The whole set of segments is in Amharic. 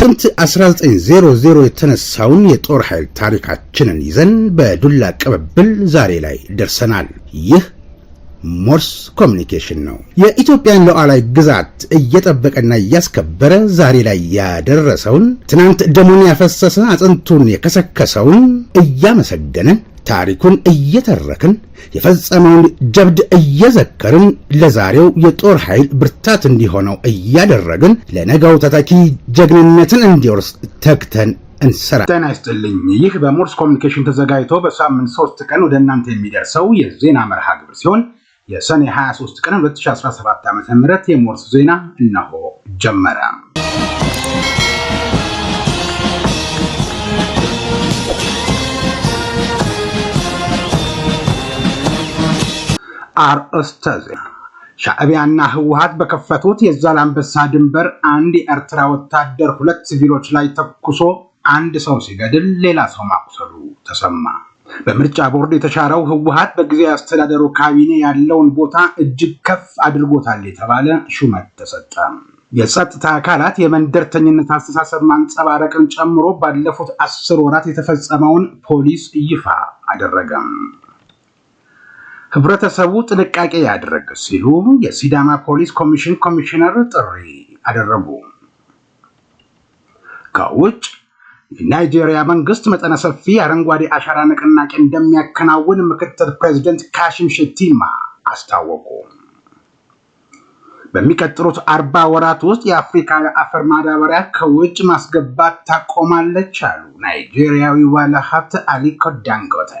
በክረምት 1900 የተነሳውን የጦር ኃይል ታሪካችንን ይዘን በዱላ ቅብብል ዛሬ ላይ ደርሰናል። ይህ ሞርስ ኮሚኒኬሽን ነው። የኢትዮጵያን ሉዓላዊ ግዛት እየጠበቀና እያስከበረ ዛሬ ላይ ያደረሰውን ትናንት ደሙን ያፈሰሰ አጥንቱን የከሰከሰውን እያመሰገነን። ታሪኩን እየተረክን የፈጸመውን ጀብድ እየዘከርን ለዛሬው የጦር ኃይል ብርታት እንዲሆነው እያደረግን ለነገው ተተኪ ጀግንነትን እንዲወርስ ተግተን እንሰራ። ጤና ይስጥልኝ። ይህ በሞርስ ኮሚኒኬሽን ተዘጋጅቶ በሳምንት ሶስት ቀን ወደ እናንተ የሚደርሰው የዜና መርሃ ግብር ሲሆን የሰኔ 23 ቀን 2017 ዓ.ም የሞርስ ዜና እነሆ ጀመረ። አርእስተ ዜና ሻዕቢያና ህወሀት በከፈቱት የዛላንበሳ ድንበር አንድ የኤርትራ ወታደር ሁለት ሲቪሎች ላይ ተኩሶ አንድ ሰው ሲገድል ሌላ ሰው ማቁሰሉ ተሰማ። በምርጫ ቦርድ የተሻረው ህወሀት በጊዜ አስተዳደሩ ካቢኔ ያለውን ቦታ እጅግ ከፍ አድርጎታል የተባለ ሹመት ተሰጠ። የጸጥታ አካላት የመንደርተኝነት አስተሳሰብ ማንጸባረቅን ጨምሮ ባለፉት አስር ወራት የተፈጸመውን ፖሊስ ይፋ አደረገም። ህብረተሰቡ ጥንቃቄ ያደረገ ሲሉ የሲዳማ ፖሊስ ኮሚሽን ኮሚሽነር ጥሪ አደረጉ። ከውጭ የናይጄሪያ መንግስት መጠነ ሰፊ አረንጓዴ አሻራ ንቅናቄ እንደሚያከናውን ምክትል ፕሬዚደንት ካሽም ሽቲማ አስታወቁ። በሚቀጥሉት አርባ ወራት ውስጥ የአፍሪካ የአፈር ማዳበሪያ ከውጭ ማስገባት ታቆማለች አሉ ናይጄሪያዊ ባለሀብት አሊኮ ዳንጎተ።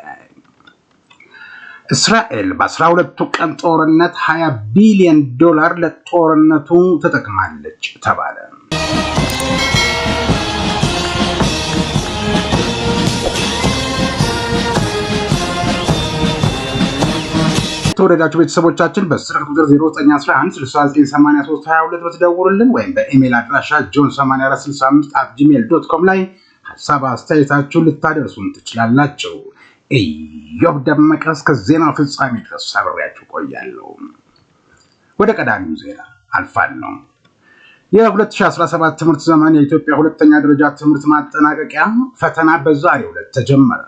እስራኤል በ 12 ቀን ጦርነት 20 ቢሊዮን ዶላር ለጦርነቱ ተጠቅማለች ተባለ። የተወደዳችሁ ቤተሰቦቻችን በስልክ ቁጥር 0911698322 በተደውሩልን ወይም በኢሜይል አድራሻ ጆን 8465 አት ጂሜል ዶት ኮም ላይ ሀሳብ አስተያየታችሁን ልታደርሱን ትችላላችሁ። ኢዮብ ደመቀ እስከ ዜናው ፍጻሜ ድረስ አብሬያችሁ ቆያለሁ። ወደ ቀዳሚው ዜና አልፋን ነው። የ2017 ትምህርት ዘመን የኢትዮጵያ ሁለተኛ ደረጃ ትምህርት ማጠናቀቂያ ፈተና በዛሬው ዕለት ተጀመረ።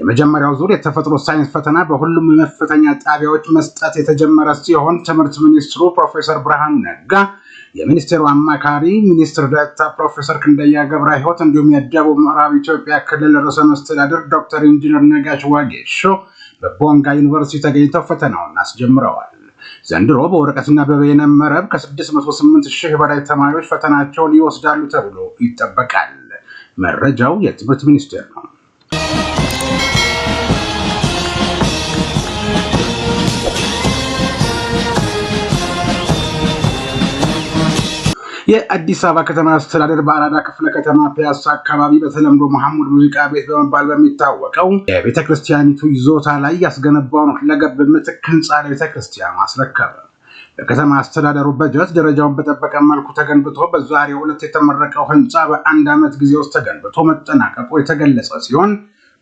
የመጀመሪያው ዙር የተፈጥሮ ሳይንስ ፈተና በሁሉም የመፈተኛ ጣቢያዎች መስጠት የተጀመረ ሲሆን ትምህርት ሚኒስትሩ ፕሮፌሰር ብርሃኑ ነጋ የሚኒስቴሩ አማካሪ ሚኒስትር ዴኤታ ፕሮፌሰር ክንደያ ገብረ ሕይወት እንዲሁም የደቡብ ምዕራብ ኢትዮጵያ ክልል ርዕሰ መስተዳድር ዶክተር ኢንጂነር ነጋሽ ዋጌሾ በቦንጋ ዩኒቨርሲቲ ተገኝተው ፈተናውን አስጀምረዋል። ዘንድሮ በወረቀትና በበይነ መረብ ከ608 ሺህ በላይ ተማሪዎች ፈተናቸውን ይወስዳሉ ተብሎ ይጠበቃል። መረጃው የትምህርት ሚኒስቴር ነው። የአዲስ አበባ ከተማ አስተዳደር በአራዳ ክፍለ ከተማ ፒያሳ አካባቢ በተለምዶ መሐሙድ ሙዚቃ ቤት በመባል በሚታወቀው የቤተክርስቲያኒቱ ይዞታ ላይ ያስገነባውን ሁለገብ ምትክ ህንፃ ለቤተክርስቲያን አስረከበ። በከተማ አስተዳደሩ በጀት ደረጃውን በጠበቀ መልኩ ተገንብቶ በዛሬው ዕለት የተመረቀው ህንፃ በአንድ ዓመት ጊዜ ውስጥ ተገንብቶ መጠናቀቁ የተገለጸ ሲሆን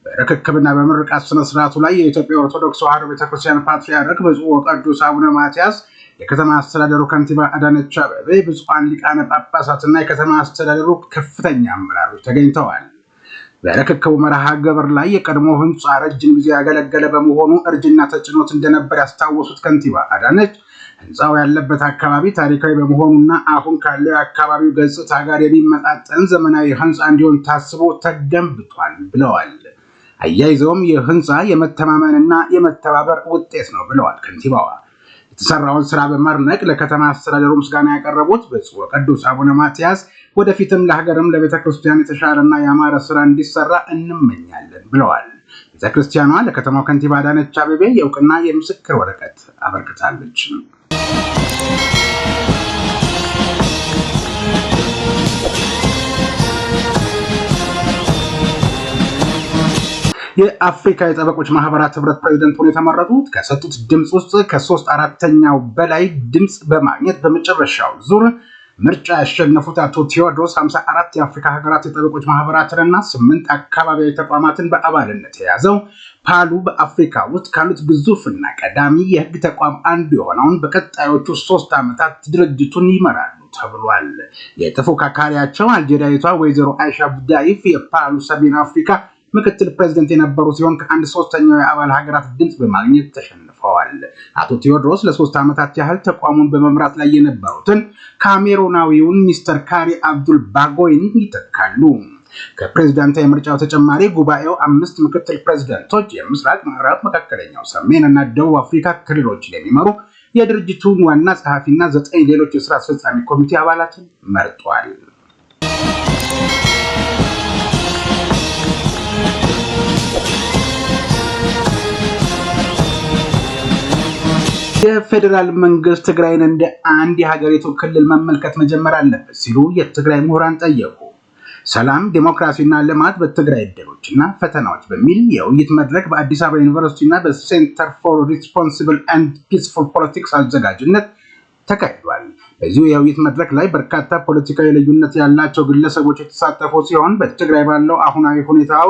በርክክብና በምርቃት ስነስርዓቱ ላይ የኢትዮጵያ ኦርቶዶክስ ተዋሕዶ ቤተክርስቲያን ፓትርያርክ ብፁዕ ወቅዱስ አቡነ ማትያስ የከተማ አስተዳደሩ ከንቲባ አዳነች አበቤ ብፁዓን ሊቃነ ጳጳሳትና የከተማ አስተዳደሩ ከፍተኛ አመራሮች ተገኝተዋል። በርክክቡ መርሃ ግብር ላይ የቀድሞ ህንፃ ረጅም ጊዜ ያገለገለ በመሆኑ እርጅና ተጭኖት እንደነበር ያስታወሱት ከንቲባ አዳነች ህንፃው ያለበት አካባቢ ታሪካዊ በመሆኑና አሁን ካለው የአካባቢው ገጽታ ጋር የሚመጣጠን ዘመናዊ ህንፃ እንዲሆን ታስቦ ተገንብቷል ብለዋል። አያይዘውም ይህ ህንፃ የመተማመንና የመተባበር ውጤት ነው ብለዋል ከንቲባዋ። የተሰራውን ስራ በመርነቅ ለከተማ አስተዳደሩ ምስጋና ያቀረቡት ብፁዕ ቅዱስ አቡነ ማትያስ ወደፊትም ለሀገርም ለቤተ ክርስቲያን የተሻለና የአማረ ስራ እንዲሰራ እንመኛለን ብለዋል። ቤተ ክርስቲያኗ ለከተማው ከንቲባ አዳነች አቤቤ የእውቅና የምስክር ወረቀት አበርክታለች። የአፍሪካ የጠበቆች ማህበራት ህብረት ፕሬዚደንት ሆነው የተመረጡት ከሰጡት ድምፅ ውስጥ ከሶስት አራተኛው በላይ ድምፅ በማግኘት በመጨረሻው ዙር ምርጫ ያሸነፉት አቶ ቴዎድሮስ 54 የአፍሪካ ሀገራት የጠበቆች ማህበራትንና ስምንት አካባቢያዊ ተቋማትን በአባልነት የያዘው ፓሉ በአፍሪካ ውስጥ ካሉት ግዙፍና ቀዳሚ የህግ ተቋም አንዱ የሆነውን በቀጣዮቹ ሶስት ዓመታት ድርጅቱን ይመራሉ ተብሏል። የተፎካካሪያቸው አልጄሪያዊቷ ወይዘሮ አይሻ ቡዳይፍ የፓሉ ሰሜን አፍሪካ ምክትል ፕሬዚደንት የነበሩ ሲሆን ከአንድ ሶስተኛው የአባል ሀገራት ድምፅ በማግኘት ተሸንፈዋል። አቶ ቴዎድሮስ ለሶስት ዓመታት ያህል ተቋሙን በመምራት ላይ የነበሩትን ካሜሮናዊውን ሚስተር ካሪ አብዱል ባጎይን ይተካሉ። ከፕሬዝዳንታዊ ምርጫው ተጨማሪ ጉባኤው አምስት ምክትል ፕሬዝደንቶች የምስራቅ፣ ምዕራብ፣ መካከለኛው፣ ሰሜን እና ደቡብ አፍሪካ ክልሎችን የሚመሩ የድርጅቱን ዋና ጸሐፊና ዘጠኝ ሌሎች የስራ አስፈጻሚ ኮሚቴ አባላትን መርጧል። የፌዴራል መንግስት ትግራይን እንደ አንድ የሀገሪቱ ክልል መመልከት መጀመር አለበት ሲሉ የትግራይ ምሁራን ጠየቁ። ሰላም ዴሞክራሲና ልማት በትግራይ እና ፈተናዎች በሚል የውይይት መድረክ በአዲስ አበባ እና በሴንተር ፎር ሪስፖንስብል አንድ ፒስፉል ፖለቲክስ አዘጋጅነት ተካሂዷል። በዚሁ የውይይት መድረክ ላይ በርካታ ፖለቲካዊ ልዩነት ያላቸው ግለሰቦች የተሳተፉ ሲሆን በትግራይ ባለው አሁናዊ ሁኔታው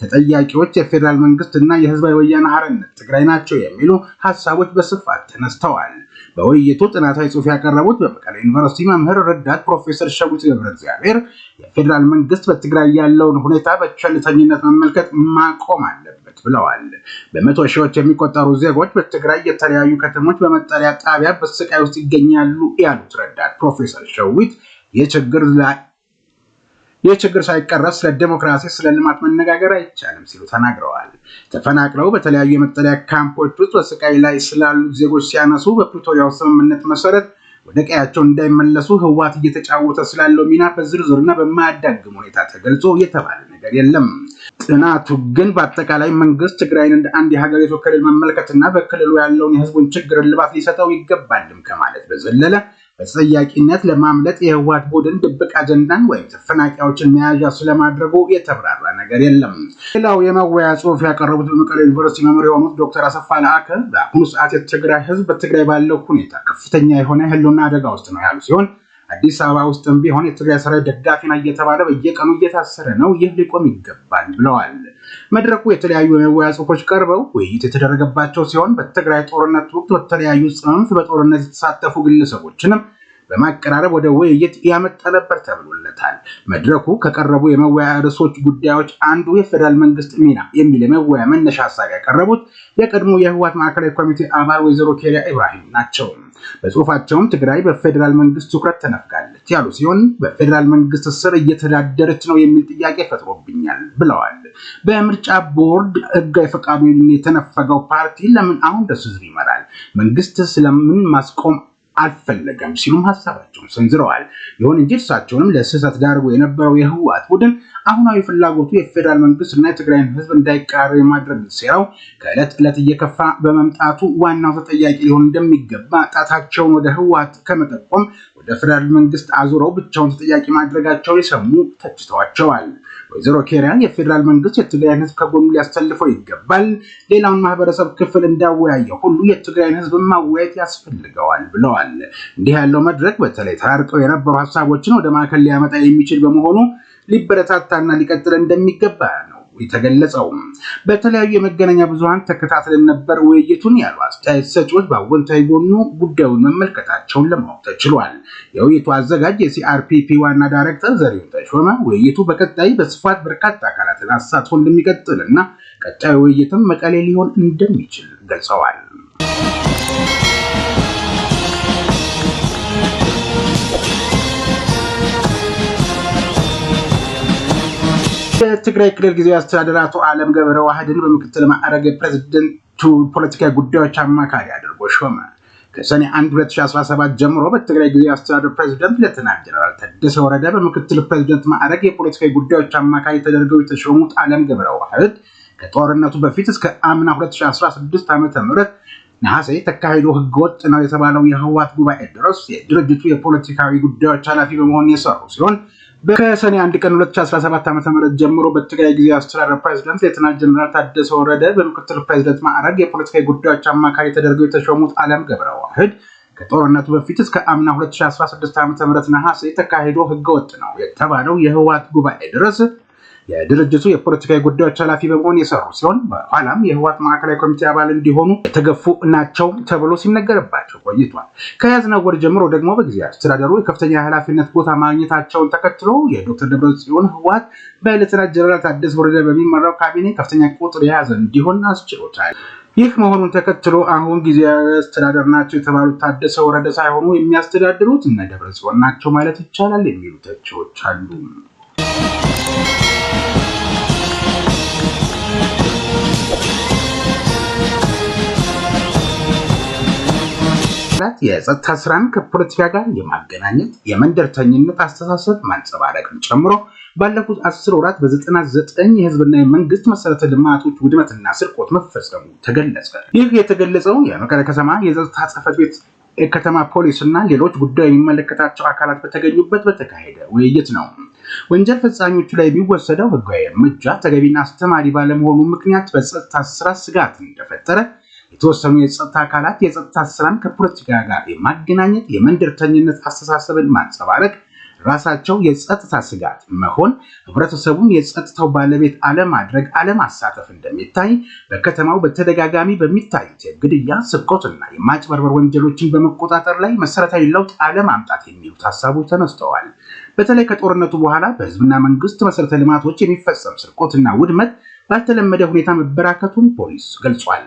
ተጠያቂዎች የፌዴራል መንግስት እና የህዝባዊ ወያነ ሓርነት ትግራይ ናቸው የሚሉ ሀሳቦች በስፋት ተነስተዋል። በውይይቱ ጥናታዊ ጽሑፍ ያቀረቡት በመቀለ ዩኒቨርሲቲ መምህር ረዳት ፕሮፌሰር ሸዊት ገብረ እግዚአብሔር የፌዴራል መንግስት በትግራይ ያለውን ሁኔታ በቸልተኝነት መመልከት ማቆም አለበት ብለዋል። በመቶ ሺዎች የሚቆጠሩ ዜጎች በትግራይ የተለያዩ ከተሞች በመጠለያ ጣቢያ በስቃይ ውስጥ ይገኛሉ ያሉት ረዳት ፕሮፌሰር ሸዊት የችግር ችግር ይህ ችግር ሳይቀረስ ስለ ዲሞክራሲ ስለ ልማት መነጋገር አይቻልም ሲሉ ተናግረዋል። ተፈናቅለው በተለያዩ የመጠለያ ካምፖች ውስጥ በስቃይ ላይ ስላሉ ዜጎች ሲያነሱ በፕሪቶሪያው ስምምነት መሰረት ወደ ቀያቸው እንዳይመለሱ ህወሓት እየተጫወተ ስላለው ሚና በዝርዝርና በማያዳግም ሁኔታ ተገልጾ የተባለ ነገር የለም። ጥናቱ ግን በአጠቃላይ መንግስት ትግራይን እንደ አንድ የሀገሪቱ ክልል መመልከትና በክልሉ ያለውን የህዝቡን ችግር እልባት ሊሰጠው ይገባልም ከማለት በዘለለ ከተጠያቂነት ለማምለጥ የህወሓት ቡድን ድብቅ አጀንዳን ወይም ተፈናቃዮችን መያዣ ስለማድረጉ የተብራራ ነገር የለም። ሌላው የመወያ ጽሁፍ ያቀረቡት በመቀሌ ዩኒቨርሲቲ መምህር የሆኑት ዶክተር አሰፋ ለአከ በአሁኑ ሰዓት የትግራይ ህዝብ በትግራይ ባለው ሁኔታ ከፍተኛ የሆነ ህልውና አደጋ ውስጥ ነው ያሉ ሲሆን አዲስ አበባ ውስጥም ቢሆን የትግራይ ሰራዊት ደጋፊና እየተባለ በየቀኑ እየታሰረ ነው። ይህ ሊቆም ይገባል ብለዋል። መድረኩ የተለያዩ የመወያ ጽሁፎች ቀርበው ውይይት የተደረገባቸው ሲሆን በትግራይ ጦርነት ወቅት በተለያዩ ጽንፍ በጦርነት የተሳተፉ ግለሰቦችንም በማቀራረብ ወደ ውይይት ያመጣ ነበር ተብሎለታል። መድረኩ ከቀረቡ የመወያያ ርዕሶች ጉዳዮች አንዱ የፌዴራል መንግስት ሚና የሚል የመወያያ መነሻ ሀሳብ ያቀረቡት የቀድሞ የህወሓት ማዕከላዊ ኮሚቴ አባል ወይዘሮ ኬሪያ ኢብራሂም ናቸው። በጽሁፋቸውም ትግራይ በፌዴራል መንግስት ትኩረት ተነፍጋለች ያሉ ሲሆን በፌዴራል መንግስት ስር እየተዳደረች ነው የሚል ጥያቄ ፈጥሮብኛል ብለዋል። በምርጫ ቦርድ ህጋዊ ፈቃዱ የተነፈገው ፓርቲ ለምን አሁን ደሱ ዝር ይመራል? መንግስት ስለምን ማስቆም አልፈለገም ሲሉም ሀሳባቸውን ሰንዝረዋል። ይሁን እንጂ እርሳቸውንም ለስህተት ዳርጎ የነበረው የህወሓት ቡድን አሁናዊ ፍላጎቱ የፌዴራል መንግስት እና የትግራይን ህዝብ እንዳይቀራረብ የማድረግ ሴራው ከዕለት ዕለት እየከፋ በመምጣቱ ዋናው ተጠያቂ ሊሆን እንደሚገባ ጣታቸውን ወደ ህወሓት ከመጠቆም ለፌዴራል መንግስት አዙረው ብቻውን ተጠያቂ ማድረጋቸውን የሰሙ ተችተዋቸዋል። ወይዘሮ ኬሪያን የፌዴራል መንግስት የትግራይን ህዝብ ከጎኑ ሊያሰልፈው ይገባል፣ ሌላውን ማህበረሰብ ክፍል እንዳወያየ ሁሉ የትግራይን ህዝብ ማወያየት ያስፈልገዋል ብለዋል። እንዲህ ያለው መድረክ በተለይ ተራርቀው የነበሩ ሀሳቦችን ወደ ማዕከል ሊያመጣ የሚችል በመሆኑ ሊበረታታና ሊቀጥል እንደሚገባ ነው የተገለጸው። በተለያዩ የመገናኛ ብዙሀን ተከታትለን ነበር ውይይቱን ያሉ አስተያየት ሰጪዎች በአወንታዊ ጎኑ ጉዳዩን መመልከታቸውን ለማወቅ ተችሏል። የውይይቱ አዘጋጅ የሲአርፒፒ ዋና ዳይሬክተር ዘሪሁን ተሾመ ውይይቱ በቀጣይ በስፋት በርካታ አካላትን አሳትፎ እንደሚቀጥል እና ቀጣዩ ውይይትም መቀሌ ሊሆን እንደሚችል ገልጸዋል። የትግራይ ክልል ጊዜያዊ አስተዳደር አቶ አለም ገብረ ዋህድን በምክትል ማዕረግ የፕሬዝደንቱ ፖለቲካዊ ጉዳዮች አማካሪ አድርጎ ሾመ። ከሰኔ 1 2017 ጀምሮ በትግራይ ጊዜያዊ አስተዳደር ፕሬዚደንት ሌተና ጀነራል ታደሰ ወረደ በምክትል ፕሬዝደንት ማዕረግ የፖለቲካዊ ጉዳዮች አማካሪ ተደርገው የተሾሙት አለም ገብረ ዋህድ ከጦርነቱ በፊት እስከ አምና 2016 ዓ ም ነሐሴ ተካሂዶ ህገወጥ ነው የተባለው የህወሓት ጉባኤ ድረስ የድርጅቱ የፖለቲካዊ ጉዳዮች ኃላፊ በመሆን የሰሩ ሲሆን ከሰኔ አንድ ቀን 2017 ዓ.ም ጀምሮ በትግራይ ጊዜ አስተዳደር ፕሬዚደንት ሌተናል ጀነራል ታደሰ ወረደ በምክትል ፕሬዚደንት ማዕረግ የፖለቲካዊ ጉዳዮች አማካሪ ተደርገው የተሾሙት አለም ገብረዋህድ ከጦርነቱ በፊት እስከ አምና 2016 ዓ.ም ነሐሴ ተካሂዶ ህገወጥ ነው የተባለው የህወሓት ጉባኤ ድረስ የድርጅቱ የፖለቲካዊ ጉዳዮች ኃላፊ በመሆን የሰሩ ሲሆን በኋላም የህወሓት ማዕከላዊ ኮሚቴ አባል እንዲሆኑ የተገፉ ናቸው ተብሎ ሲነገርባቸው ቆይቷል። ከያዝነው ወር ጀምሮ ደግሞ በጊዜያዊ አስተዳደሩ የከፍተኛ ኃላፊነት ቦታ ማግኘታቸውን ተከትሎ የዶክተር ደብረጽዮን ህወሓት በሌተናንት ጀነራል ታደሰ ወረደ በሚመራው ካቢኔ ከፍተኛ ቁጥር የያዘ እንዲሆን አስችሎታል። ይህ መሆኑን ተከትሎ አሁን ጊዜያዊ አስተዳደር ናቸው የተባሉት ታደሰ ወረደ ሳይሆኑ የሚያስተዳድሩት እነ ደብረጽዮን ናቸው ማለት ይቻላል የሚሉ ተቺዎች አሉ። አካላት የጸጥታ ስራን ከፖለቲካ ጋር የማገናኘት የመንደርተኝነት አስተሳሰብ ማንጸባረቅን ጨምሮ ባለፉት አስር ወራት በዘጠና ዘጠኝ የህዝብና የመንግስት መሰረተ ልማቶች ውድመትና ስርቆት መፈጸሙ ተገለጸ። ይህ የተገለጸው የመቀለ ከተማ የጸጥታ ጽህፈት ቤት የከተማ ፖሊስ እና ሌሎች ጉዳዩ የሚመለከታቸው አካላት በተገኙበት በተካሄደ ውይይት ነው። ወንጀል ፈጻሚዎቹ ላይ የሚወሰደው ህጋዊ እርምጃ ተገቢና አስተማሪ ባለመሆኑ ምክንያት በጸጥታ ስራ ስጋት እንደፈጠረ የተወሰኑ የጸጥታ አካላት የጸጥታ ስራን ከፖለቲካ ጋር የማገናኘት የመንደርተኝነት አስተሳሰብን ማንጸባረቅ ራሳቸው የጸጥታ ስጋት መሆን ህብረተሰቡን የጸጥታው ባለቤት አለማድረግ፣ አለማሳተፍ እንደሚታይ በከተማው በተደጋጋሚ በሚታዩት የግድያ ስርቆትና የማጭበርበር ወንጀሎችን በመቆጣጠር ላይ መሰረታዊ ለውጥ አለማምጣት የሚሉት ሀሳቦች ተነስተዋል። በተለይ ከጦርነቱ በኋላ በህዝብና መንግስት መሰረተ ልማቶች የሚፈጸም ስርቆትና ውድመት ባልተለመደ ሁኔታ መበራከቱን ፖሊስ ገልጿል።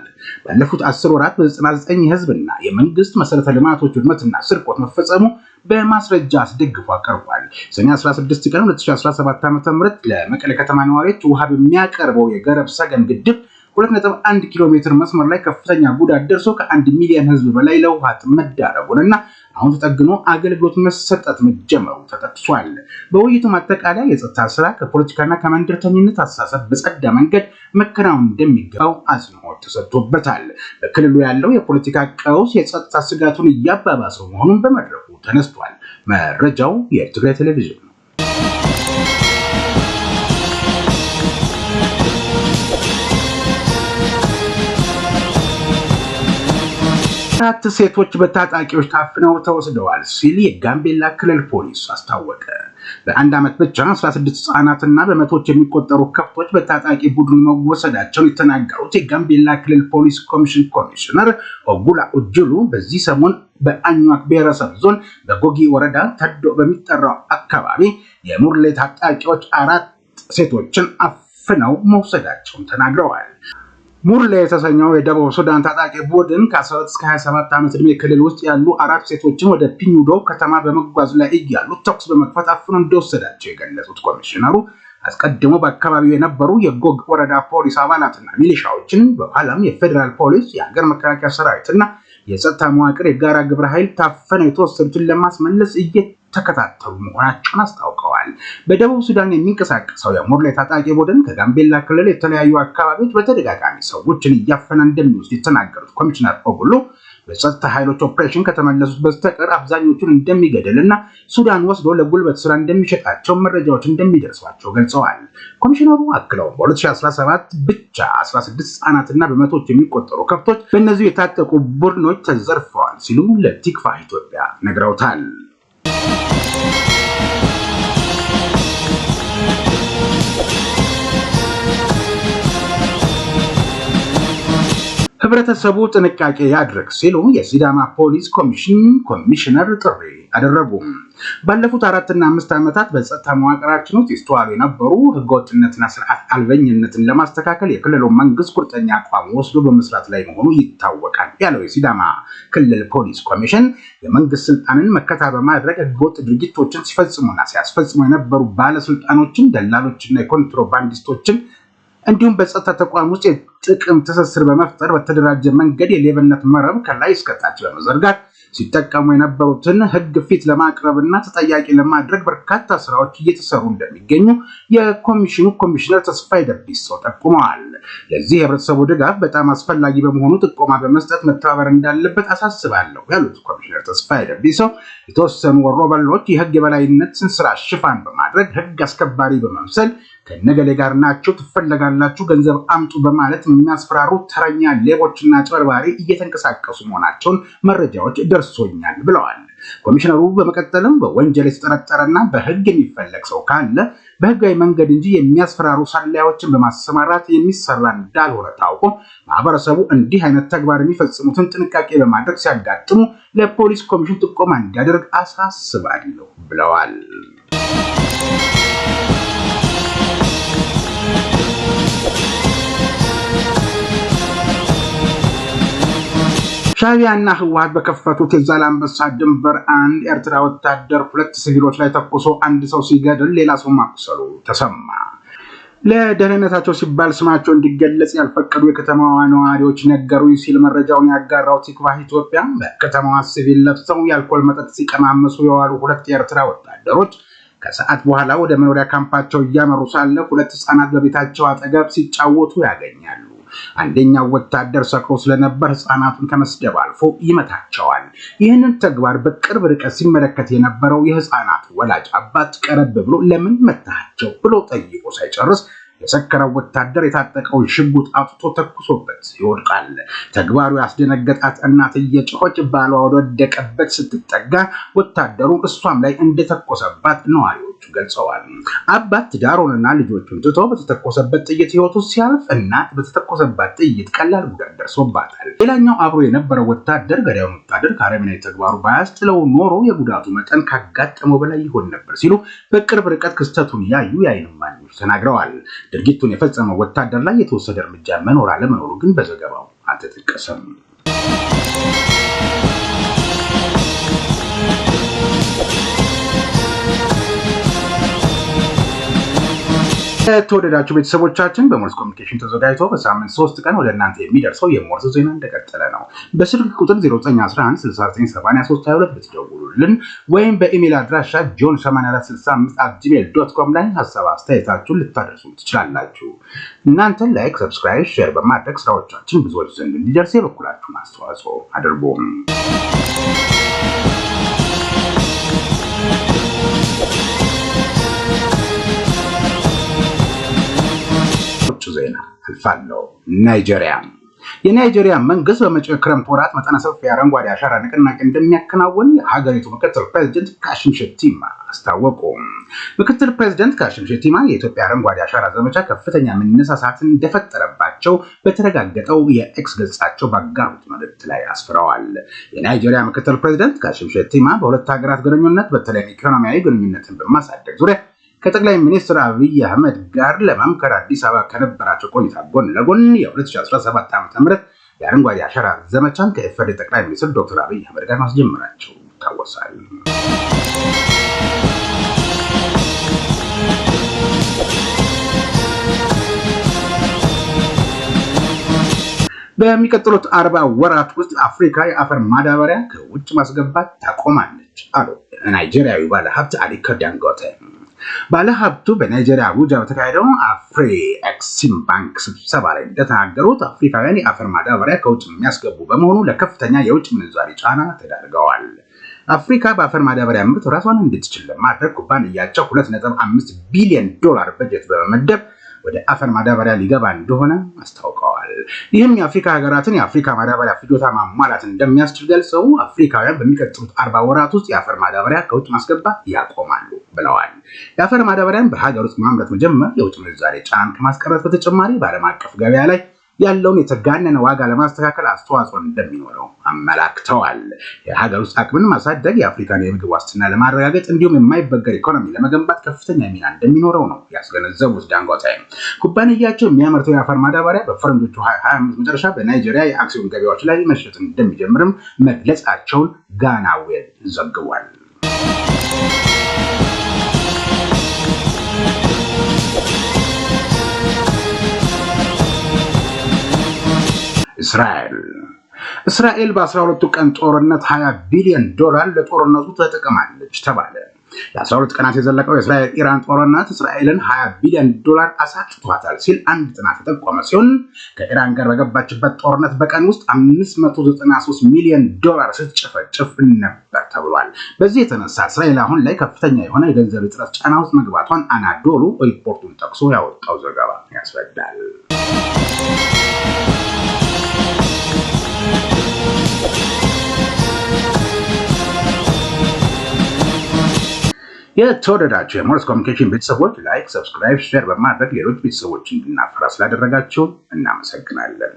ባለፉት አስር ወራት በ99 የህዝብና የመንግስት መሰረተ ልማቶች ውድመትና ስርቆት መፈጸሙ በማስረጃ አስደግፎ አቀርቧል። ሰኔ 16 ቀን 2017 ዓ ም ለመቀሌ ከተማ ነዋሪዎች ውሃ በሚያቀርበው የገረብ ሰገን ግድብ 2.1 ኪሎ ሜትር መስመር ላይ ከፍተኛ ጉዳት ደርሶ ከአንድ ሚሊዮን ህዝብ በላይ ለውሃት መዳረጉንና አሁን ተጠግኖ አገልግሎት መሰጠት መጀመሩ ተጠቅሷል። በውይይቱ ማጠቃለያ የጸጥታ ስራ ከፖለቲካና ከመንደርተኝነት አስተሳሰብ በጸዳ መንገድ መከናወን እንደሚገባው አጽንኦት ተሰጥቶበታል። በክልሉ ያለው የፖለቲካ ቀውስ የጸጥታ ስጋቱን እያባባሰው መሆኑን በመድረኩ ተነስቷል። መረጃው የትግራይ ቴሌቪዥን አራት ሴቶች በታጣቂዎች ታፍነው ተወስደዋል ሲል የጋምቤላ ክልል ፖሊስ አስታወቀ። በአንድ ዓመት ብቻ 16 ህጻናትና በመቶዎች የሚቆጠሩ ከብቶች በታጣቂ ቡድን መወሰዳቸውን የተናገሩት የጋምቤላ ክልል ፖሊስ ኮሚሽን ኮሚሽነር ኦጉላ ኡጅሉ በዚህ ሰሞን በአኟክ ብሔረሰብ ዞን በጎጊ ወረዳ ተዶ በሚጠራው አካባቢ የሙርሌ ታጣቂዎች አራት ሴቶችን አፍነው መውሰዳቸውን ተናግረዋል። ሙርሌ የተሰኘው የደቡብ ሱዳን ታጣቂ ቡድን ከ12 እስከ 27 ዓመት ዕድሜ ክልል ውስጥ ያሉ አራት ሴቶችን ወደ ፒኙዶ ከተማ በመጓዝ ላይ እያሉ ተኩስ በመክፈት አፍኖ እንደወሰዳቸው የገለጹት ኮሚሽነሩ አስቀድሞ በአካባቢው የነበሩ የጎግ ወረዳ ፖሊስ አባላትና ሚሊሻዎችን በኋላም የፌዴራል ፖሊስ የሀገር መከላከያ ሰራዊትና የጸጥታ መዋቅር የጋራ ግብረ ኃይል ታፈነው የተወሰዱትን ለማስመለስ እየ ተከታተሉ መሆናቸውን አስታውቀዋል። በደቡብ ሱዳን የሚንቀሳቀሰው የሞርሌ ታጣቂ ቡድን ከጋምቤላ ክልል የተለያዩ አካባቢዎች በተደጋጋሚ ሰዎችን እያፈነ እንደሚወስድ የተናገሩት ኮሚሽነር ኦጉሉ በጸጥታ ኃይሎች ኦፕሬሽን ከተመለሱት በስተቀር አብዛኞቹን እንደሚገድል እና ሱዳን ወስዶ ለጉልበት ስራ እንደሚሸጣቸው መረጃዎች እንደሚደርሷቸው ገልጸዋል። ኮሚሽነሩ አክለው በ2017 ብቻ 16 ህጻናትና በመቶዎች የሚቆጠሩ ከብቶች በእነዚሁ የታጠቁ ቡድኖች ተዘርፈዋል ሲሉ ለቲክፋ ኢትዮጵያ ነግረውታል። ህብረተሰቡ ጥንቃቄ ያድርግ ሲሉ የሲዳማ ፖሊስ ኮሚሽን ኮሚሽነር ጥሪ አደረጉ። ባለፉት አራትና አምስት ዓመታት በጸጥታ መዋቅራችን ውስጥ ይስተዋሉ የነበሩ ህገወጥነትና ስርዓት አልበኝነትን ለማስተካከል የክልሉ መንግስት ቁርጠኛ አቋም ወስዶ በመስራት ላይ መሆኑ ይታወቃል ያለው የሲዳማ ክልል ፖሊስ ኮሚሽን የመንግስት ስልጣንን መከታ በማድረግ ህገወጥ ድርጊቶችን ሲፈጽሙና ሲያስፈጽሙ የነበሩ ባለስልጣኖችን፣ ደላሎችና የኮንትሮባንዲስቶችን እንዲሁም በጸጥታ ተቋም ውስጥ የጥቅም ትስስር በመፍጠር በተደራጀ መንገድ የሌብነት መረብ ከላይ እስከታች በመዘርጋት ሲጠቀሙ የነበሩትን ሕግ ፊት ለማቅረብና ተጠያቂ ለማድረግ በርካታ ስራዎች እየተሰሩ እንደሚገኙ የኮሚሽኑ ኮሚሽነር ተስፋዬ ደቢሶ ጠቁመዋል። ለዚህ የህብረተሰቡ ድጋፍ በጣም አስፈላጊ በመሆኑ ጥቆማ በመስጠት መተባበር እንዳለበት አሳስባለሁ ያሉት ኮሚሽነር ተስፋዬ ሰው የተወሰኑ ወሮበሎች የህግ የበላይነትን ስራ ሽፋን በማድረግ ህግ አስከባሪ በመምሰል ከነገሌ ጋር ናቸው ትፈለጋላችሁ፣ ገንዘብ አምጡ በማለት የሚያስፈራሩ ተረኛ ሌቦችና አጭበርባሪ እየተንቀሳቀሱ መሆናቸውን መረጃዎች ደርሶኛል ብለዋል። ኮሚሽነሩ በመቀጠልም በወንጀል የተጠረጠረና በህግ የሚፈለግ ሰው ካለ በህጋዊ መንገድ እንጂ የሚያስፈራሩ ሰላዮችን በማሰማራት የሚሰራ እንዳልሆነ ታውቆ ማህበረሰቡ እንዲህ አይነት ተግባር የሚፈጽሙትን ጥንቃቄ በማድረግ ሲያጋጥሙ ለፖሊስ ኮሚሽን ጥቆማ እንዲያደርግ አሳስባለሁ ብለዋል። ሻዕቢያና ህወሀት በከፈቱት የዛላ አንበሳ ድንበር አንድ ኤርትራ ወታደር ሁለት ሲቪሎች ላይ ተኩሶ አንድ ሰው ሲገድል ሌላ ሰው ማቁሰሉ ተሰማ። ለደህንነታቸው ሲባል ስማቸው እንዲገለጽ ያልፈቀዱ የከተማዋ ነዋሪዎች ነገሩ ሲል መረጃውን ያጋራው ቲክቫህ ኢትዮጵያ በከተማዋ ሲቪል ለብሰው የአልኮል መጠጥ ሲቀማመሱ የዋሉ ሁለት የኤርትራ ወታደሮች ከሰዓት በኋላ ወደ መኖሪያ ካምፓቸው እያመሩ ሳለ ሁለት ህፃናት በቤታቸው አጠገብ ሲጫወቱ ያገኛሉ። አንደኛው ወታደር ሰክሮ ስለነበር ህፃናቱን ከመስደብ አልፎ ይመታቸዋል። ይህንን ተግባር በቅርብ ርቀት ሲመለከት የነበረው የህፃናቱ ወላጅ አባት ቀረብ ብሎ ለምን መታቸው ብሎ ጠይቆ ሳይጨርስ የሰከረው ወታደር የታጠቀውን ሽጉጥ አውጥቶ ተኩሶበት ይወድቃል። ተግባሩ ያስደነገጣት እናት እየጮኸች ባሏ ወደወደቀበት ስትጠጋ ወታደሩ እሷም ላይ እንደተኮሰባት ነዋሪው ገልጸዋል። አባት ትዳሩንና ልጆቹን ትቶ በተተኮሰበት ጥይት ህይወቱ ሲያልፍ፣ እናት በተተኮሰባት ጥይት ቀላል ጉዳት ደርሶባታል። ሌላኛው አብሮ የነበረ ወታደር ገዳዩን ወታደር ከአረመኔያዊ ተግባሩ ባያስጥለው ኖሮ የጉዳቱ መጠን ካጋጠመው በላይ ይሆን ነበር ሲሉ በቅርብ ርቀት ክስተቱን ያዩ የዓይን እማኞች ተናግረዋል። ድርጊቱን የፈጸመው ወታደር ላይ የተወሰደ እርምጃ መኖር አለመኖሩ ግን በዘገባው አልተጠቀሰም። የተወደዳችሁ ቤተሰቦቻችን በሞርስ ኮሚኒኬሽን ተዘጋጅቶ በሳምንት ሶስት ቀን ወደ እናንተ የሚደርሰው የሞርስ ዜና እንደቀጠለ ነው። በስልክ ቁጥር 0911697322 ብትደውሉልን ወይም በኢሜይል አድራሻ ጆን 8465 አት ጂሜል ዶት ኮም ላይ ሀሳብ አስተያየታችሁን ልታደርሱ ትችላላችሁ። እናንተ ላይክ፣ ሰብስክራይብ፣ ሼር በማድረግ ስራዎቻችን ብዙዎች ዘንድ እንዲደርስ የበኩላችሁን አስተዋጽኦ አድርጎም ዜና አልፋለሁ ናይጄሪያ የናይጄሪያ መንግስት በመጪው ክረምት ወራት መጠነ ሰፊ አረንጓዴ አሻራ ንቅናቄ እንደሚያከናውን የሀገሪቱ ምክትል ፕሬዚደንት ካሽም ሸቲማ አስታወቁ። ምክትል ፕሬዚደንት ካሽም ሸቲማ የኢትዮጵያ አረንጓዴ አሻራ ዘመቻ ከፍተኛ መነሳሳትን እንደፈጠረባቸው በተረጋገጠው የኤክስ ገጻቸው ባጋሩት መልእክት ላይ አስፍረዋል። የናይጄሪያ ምክትል ፕሬዚደንት ካሽም ሸቲማ በሁለት ሀገራት ግንኙነት በተለይም ኢኮኖሚያዊ ግንኙነትን በማሳደግ ዙሪያ ከጠቅላይ ሚኒስትር አብይ አህመድ ጋር ለመምከር አዲስ አበባ ከነበራቸው ቆይታ ጎን ለጎን የ2017 ዓ ም የአረንጓዴ አሻራ ዘመቻን ከኢፌዴሪ ጠቅላይ ሚኒስትር ዶክተር አብይ አህመድ ጋር ማስጀመራቸው ይታወሳል። በሚቀጥሉት አርባ ወራት ውስጥ አፍሪካ የአፈር ማዳበሪያ ከውጭ ማስገባት ታቆማለች አሉ ናይጄሪያዊ ባለሀብት አሊኮ ዳንጎቴ። ባለሀብቱ በናይጄሪያ አቡጃ በተካሄደው አፍሪ ኤክሲም ባንክ ስብሰባ ላይ እንደተናገሩት አፍሪካውያን የአፈር ማዳበሪያ ከውጭ የሚያስገቡ በመሆኑ ለከፍተኛ የውጭ ምንዛሪ ጫና ተዳርገዋል። አፍሪካ በአፈር ማዳበሪያ ምርት ራሷን እንድትችል ለማድረግ ኩባንያቸው 2.5 ቢሊዮን ዶላር በጀት በመመደብ ወደ አፈር ማዳበሪያ ሊገባ እንደሆነ አስታውቀዋል። ይህም የአፍሪካ ሀገራትን የአፍሪካ ማዳበሪያ ፍጆታ ማሟላት እንደሚያስችል ገልጸው አፍሪካውያን በሚቀጥሉት አርባ ወራት ውስጥ የአፈር ማዳበሪያ ከውጭ ማስገባት ያቆማሉ ብለዋል። የአፈር ማዳበሪያን በሀገር ውስጥ ማምረት መጀመር የውጭ ምንዛሬ ጫናን ከማስቀረት በተጨማሪ በዓለም አቀፍ ገበያ ላይ ያለውን የተጋነነ ዋጋ ለማስተካከል አስተዋጽኦ እንደሚኖረው አመላክተዋል። የሀገር ውስጥ አቅምን ማሳደግ የአፍሪካን የምግብ ዋስትና ለማረጋገጥ እንዲሁም የማይበገር ኢኮኖሚ ለመገንባት ከፍተኛ ሚና እንደሚኖረው ነው ያስገነዘቡት። ዳንጎቴ ኩባንያቸው የሚያመርተው የአፈር ማዳበሪያ በፈረንጆቹ 25 መጨረሻ በናይጄሪያ የአክሲዮን ገበያዎች ላይ መሸጥ እንደሚጀምርም መግለጻቸውን ጋና ዌብ ዘግቧል። እስራኤል እስራኤል በ 12 ቀን ጦርነት 20 ቢሊዮን ዶላር ለጦርነቱ ተጠቅማለች ተባለ። የ12 ቀናት የዘለቀው የእስራኤል ኢራን ጦርነት እስራኤልን 20 ቢሊዮን ዶላር አሳጥቷታል ሲል አንድ ጥናት የጠቆመ ሲሆን ከኢራን ጋር በገባችበት ጦርነት በቀን ውስጥ 593 ሚሊዮን ዶላር ስትጨፈጭፍ ነበር ተብሏል። በዚህ የተነሳ እስራኤል አሁን ላይ ከፍተኛ የሆነ የገንዘብ እጥረት ጫና ውስጥ መግባቷን አናዶሉ ሪፖርቱን ጠቅሶ ያወጣው ዘገባ ያስረዳል። የተወደዳቸው የሞርስ ኮሚኒኬሽን ቤተሰቦች ላይክ፣ ሰብስክራይብ፣ ሼር በማድረግ ሌሎች ቤተሰቦች እንድናፈራ ስላደረጋቸው እናመሰግናለን።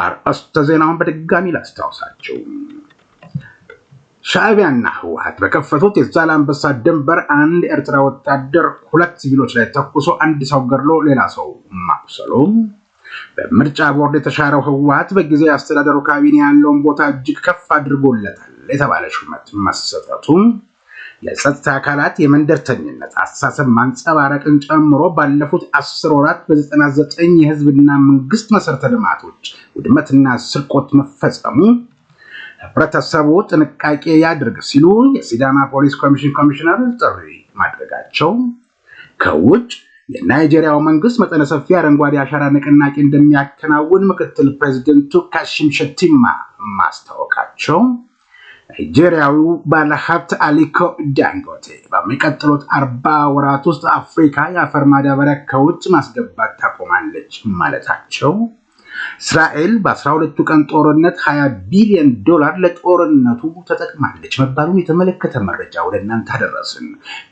አርእስተ ዜናውን በድጋሚ ላስታውሳቸው። ሻዕቢያና ህወሀት በከፈቱት የዛላ አንበሳ ድንበር አንድ ኤርትራ ወታደር ሁለት ሲቪሎች ላይ ተኩሶ አንድ ሰው ገድሎ ሌላ ሰው ማቁሰሉም በምርጫ ቦርድ የተሻረው ህወሀት በጊዜ አስተዳደሩ ካቢኔ ያለውን ቦታ እጅግ ከፍ አድርጎለታል የተባለ ሹመት መሰጠቱ የጸጥታ አካላት የመንደርተኝነት አስተሳሰብ ማንጸባረቅን ጨምሮ ባለፉት አስር ወራት በ99 የህዝብና መንግስት መሰረተ ልማቶች ውድመትና ስርቆት መፈጸሙ ህብረተሰቡ ጥንቃቄ ያድርግ ሲሉ የሲዳማ ፖሊስ ኮሚሽን ኮሚሽነር ጥሪ ማድረጋቸው ከውጭ የናይጄሪያው መንግስት መጠነ ሰፊ አረንጓዴ አሻራ ንቅናቄ እንደሚያከናውን ምክትል ፕሬዚደንቱ ካሽም ሸቲማ ማስታወቃቸው፣ ናይጄሪያዊው ባለሀብት አሊኮ ዳንጎቴ በሚቀጥሉት አርባ ወራት ውስጥ አፍሪካ የአፈር ማዳበሪያ ከውጭ ማስገባት ታቆማለች ማለታቸው እስራኤል በ12ቱ ቀን ጦርነት 20 ቢሊዮን ዶላር ለጦርነቱ ተጠቅማለች መባሉን የተመለከተ መረጃ ወደ እናንተ አደረስን።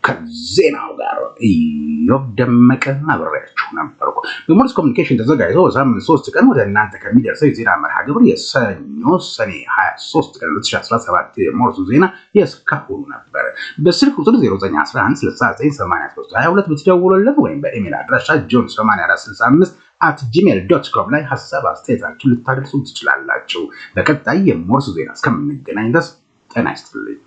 ከዜናው ጋር እዮብ ደመቀ አብሬያችሁ ነበር። በሞርስ ኮሚኒኬሽን ተዘጋጅቶ በሳምንት 3 ቀን ወደ እናንተ ከሚደርሰው የዜና መርሃ ግብር የሰኞ ሰኔ 23 ቀን 2017 የሞርሱ ዜና የእስካሁኑ ነበር። በስልክ ቁጥር 0911 6983 22 ብትደውሉልን ወይም በኢሜል አድራሻ ጆን 8465 አት ጂሜል ዶት ኮም ላይ ሀሳብ አስተያየታችሁን ልታደርሱ ትችላላችሁ። በቀጣይ የሞርስ ዜና እስከምንገናኝ ድረስ ጤና ይስጥልኝ።